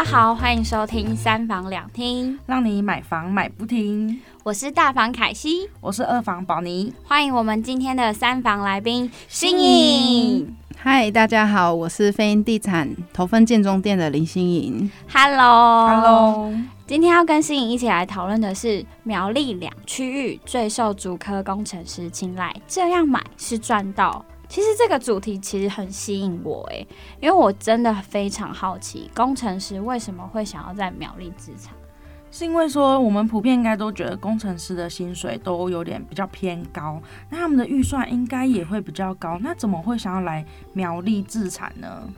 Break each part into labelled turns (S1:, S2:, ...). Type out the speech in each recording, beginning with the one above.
S1: 大家好，歡迎收聽三房兩廳，讓你買房買不停。我是大房凱西，我是二房寶妮，歡迎我們今天的三房來賓欣瑩。
S2: 嗨，Hi, 大家好，我是飛鷹地產頭份建中店的林欣瑩。
S1: Hello，Hello Hello。今天要跟欣瑩一起來討論的是苗栗兩區域最受竹科工程師青睞，這樣買是賺到。其實這個主題其實很吸引我，哎、欸，因為我真的非常好奇，工程師為什麼會想要在苗栗置產？
S3: 是因為說我們普遍應該都覺得工程師的薪水都有點比較偏高，那他們的預算應該也會比較高，那怎麼會想要來苗栗置產呢？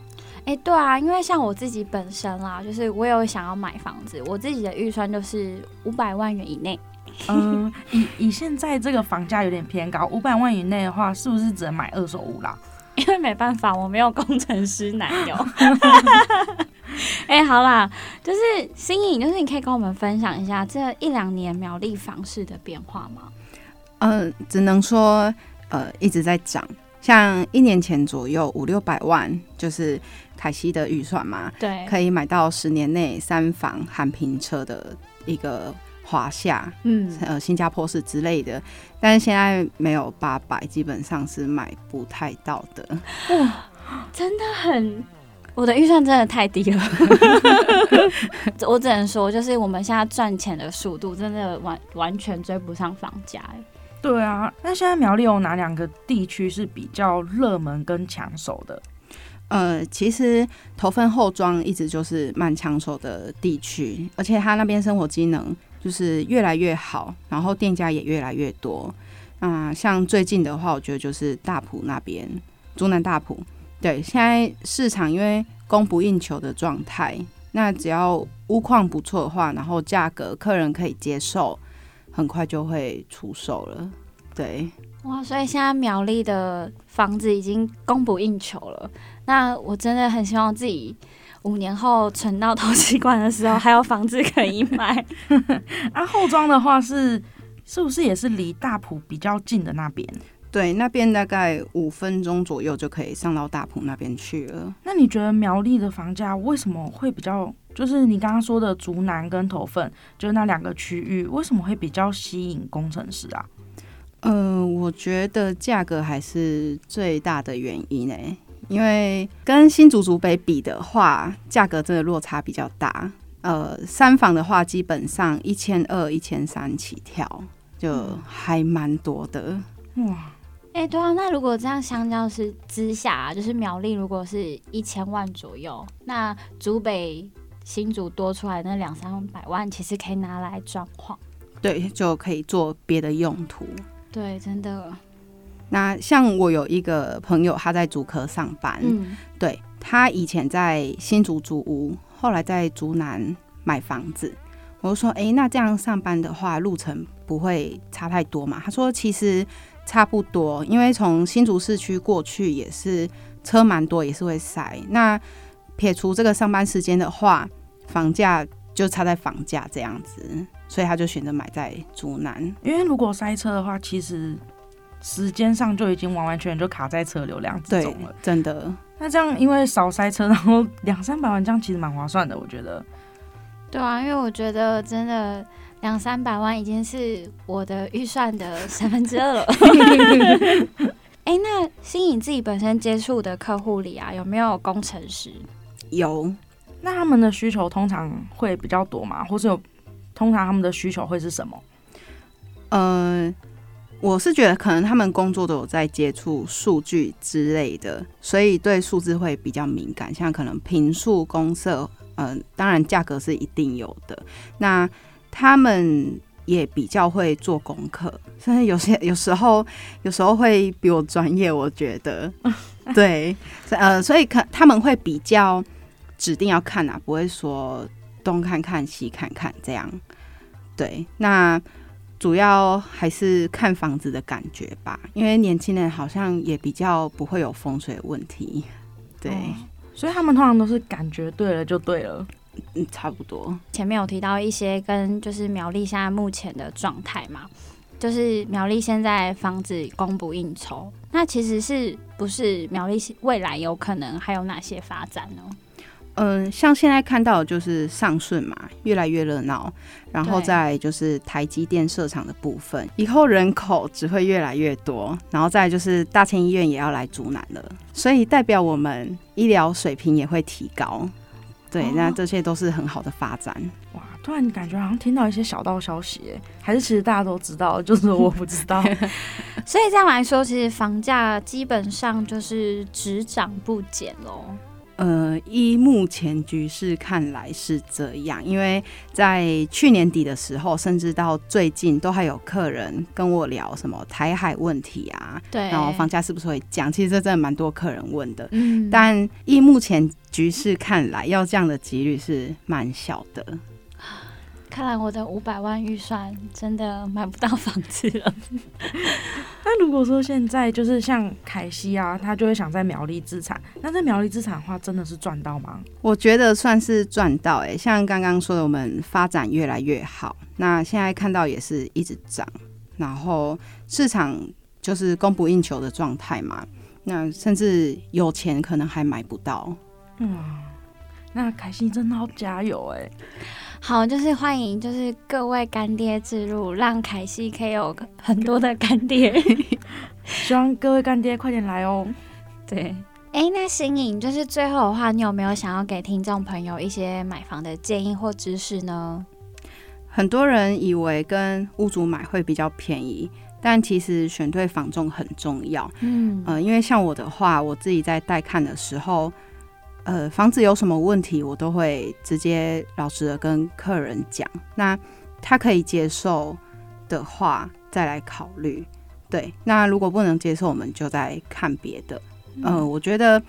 S3: 欸、
S1: 對啊，因為像我自己本身啦、啊，就是我有想要買房子，我自己的預算
S3: 就是五百萬元以內。嗯、 呃，以以現在這個房價有點偏高，五百萬以內的話，是不是只能買二手屋啦？因為沒辦法，我沒有工程師男友。哎、 欸，好啦，就是欣瑩，就是你可以跟我們分
S1: 享一下這一兩年苗栗房市的變化嗎？
S2: 嗯、呃，只能說呃一直在漲，像一年前左右五六百萬，就是凱西的預算嘛，對，可以買到十年內三房含平車的一個。華夏，嗯，呃，新加坡是之類的，但是現在沒有八百，基本上是買不太到的。
S1: 哇，真的很，我的預算真的太低了。 我只能說，就是我們現在賺錢的速度真的完完全追不上房價。
S3: 對啊，那現在苗
S2: 栗有哪兩個地區是比較熱門跟搶手的？呃、嗯，其實頭份後莊一直就是蠻搶手的地區，而且它那邊生活機能就是越來越好，然後店家也越來越多。啊，像最近的話，我覺得就是大埔那邊，竹南大埔，對，現在市場因為供不應求的狀態，那只要屋況不錯的話，然後價格客人可以接受，很快就會出售了，對。
S1: 哇，所以現在苗栗的房子已經供不應求了。那我真的
S3: 很希望自己五年後存到頭期款的時候還有房子可以買。那、 啊、後莊的話是是不是也是離大埔比較近的那邊？
S2: 對，那邊大概五分鐘左右就可以上到大埔那邊去了。那
S3: 你覺得苗栗的房價為什麼會比較，就是你剛剛說的竹南跟頭份，就是那兩個區域為什麼會比較吸引工程師啊？
S2: 嗯、呃，我覺得價格還是最大的原因呢，因為跟新竹竹北比的話，價格真的落差比較大。呃，三房的話，基本上一千二、一千三起跳，就還蠻多的。
S1: 哇，哎、欸，對啊，那如果這樣相較是之下、啊，就是苗栗如果是一千萬左右，那竹北新竹多出來的那兩三百萬，其實可以拿來裝潢，
S2: 對，就可以做別的用途。
S1: 對，真的、哦。
S2: 那像我有一個朋友，他在竹科上班。嗯、對他以前在新竹租屋，後來在竹南買房子。我就說：“誒，那這樣上班的話，路程不會差太多嘛？”他說：“其實差不多，因為從新竹市區過去也是車蠻多，也是會塞。那撇除這個上班時間的話，房價。”就差在房價這樣子，所以他就選擇買在竹南，
S3: 因為如果塞車的話，其實時間上就已經完完全全就卡在車流量之中了，真的。
S2: 那這樣因為少塞
S3: 車，然後兩三百萬這樣其實蠻划算的，我覺得。
S1: 對啊，因為我覺得真的兩三百萬已經是我的預算的三分之二
S3: 了。
S1: 哎、 欸，那欣瑩自己本身接觸的客戶裡啊，有沒有，有工程
S3: 師？有。那他們的需求通常會比較多嗎？或是有
S2: 通常他們的需求會是什麼？嗯、呃，我是覺得可能他們工作都有在接觸數據之類的，所以對數字會比較敏感。像可能坪數、公設，嗯，當然價格是一定有的。那他們也比較會做功課，甚至有些有時候有時候會比我專業，我覺得 對，呃，所以可他們會比較，指定要看啊，不會說東看看西看看這樣。對，那主要還是看房子的感覺吧，因為年輕人好像也比較不會有風水問題。對、哦，所以
S3: 他們通常都是感覺對了就對了。嗯，差不多。前面有提到一些跟
S1: 就是苗栗現在目前的狀態嘛，就是苗栗現在房子供不應求，那其實是不是苗栗未來有可能還有哪些發展呢？
S2: 嗯、呃，像現在看到的就是尚順嘛，越來越熱鬧。然後再就是台積電設廠的部分，以後人口只會越來越多。然後再就是大千醫院也要來竹南了，所以代表我們醫療水平也會提高。對、啊，那這些都是很好的發展。
S3: 哇，突然感覺好像聽到一些小道消息，還是其實大家都知道，就是我不
S2: 知道。
S3: 所以這樣
S1: 來說，其實房價基本上就是只漲不減嘍。
S2: 呃，依目前局勢看來是這樣，因為在去年底的時候，甚至到最近，都還有客人跟我聊什麼台海問題啊，對，然後房價是不是會降？其實這真的蠻多客人問的，嗯，但依目前局勢看來，要降的幾率是蠻小的。
S1: 看來我
S3: 的五百萬預算
S1: 真的買不到
S3: 房子了。 那如果說現在就是像凱西啊，他就會想在苗栗置產。那在苗栗置產的話，真的是賺到嗎？
S2: 我覺得算是賺到、欸。哎，像剛剛說的，我們發展越來越好，那現在看到也是一直漲，然後市場就是供不應求的狀態嘛。那甚至有錢可能還買不到。
S3: 嗯，那凱西真的要加油哎、欸！好，就是歡迎，就是
S1: 各位乾爹之路，讓凱西可以有很多的乾爹。希望各位乾爹快點來哦。對，哎，那欣瑩，就是最後的話，你有沒有想要給聽眾朋友一些買房的建議或知識呢？
S2: 很多人以為跟屋主買會比較便宜，但其實選對房仲很重要。嗯呃，因為像我的話，我自己在帶看的時候。呃，房子有什麼問題，我都會直接老實的跟客人講。那他可以接受的話，再來考慮。對，那如果不能接受，我們就再看別的。嗯、呃，我覺得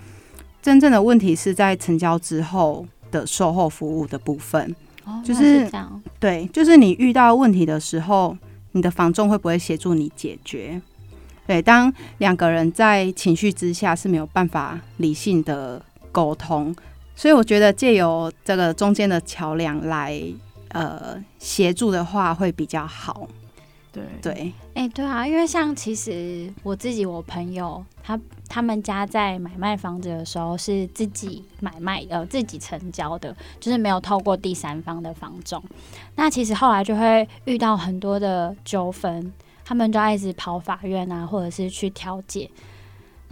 S2: 真正的問題是在成交之後的售後服務的部分，哦、就是、是這樣。對，就是你遇到問題的時候，你的房仲會不會協助你解決？對，當兩個人在情緒之下是沒有辦法理性的溝通，所以我覺得借由這個中間的橋樑來呃協助的話會比較好。對對，
S1: 哎、欸、對啊，因為像其實我自己，我朋友他、他們家在買賣房子的時候是自己買賣呃自己成交的，就是沒有透過第三方的房仲。那其實後來就會遇到很多的糾紛，他們就一直跑法院啊，或者是去調解。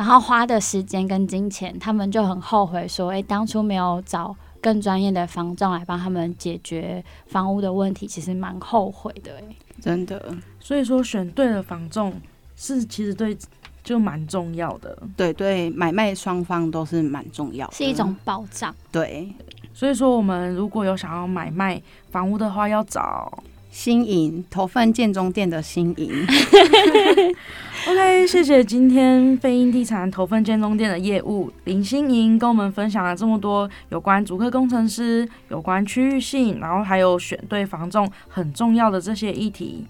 S1: 然後花的時間跟金錢，他們就很後悔，說：“欸，當初沒有找更專業的房仲來幫他們解決房屋的問題，其實
S3: 蠻後悔的。”欸，真的，所以說選對了房仲是其實對就蠻重要的，對
S2: 對對，買賣雙方都是蠻重要的，是一種
S3: 保障。對，所以說我們如果有想要買賣房屋的話，要找。欣瑩，頭份建中店的欣瑩。 OK，謝謝今天飛鷹地產頭份建中店的業務林欣瑩，跟我們分享了這麼多有關竹科工程師、有關區域性，然後還有選對房仲很重要的這些議題。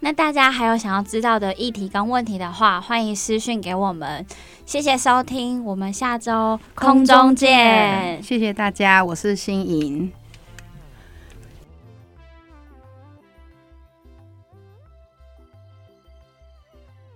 S1: 那大家還有
S3: 想要知道的議題跟問題的話，
S1: 歡迎私訊給我們。謝謝收聽，我們下周空中見。空中見。
S2: 謝謝大家，我是欣瑩。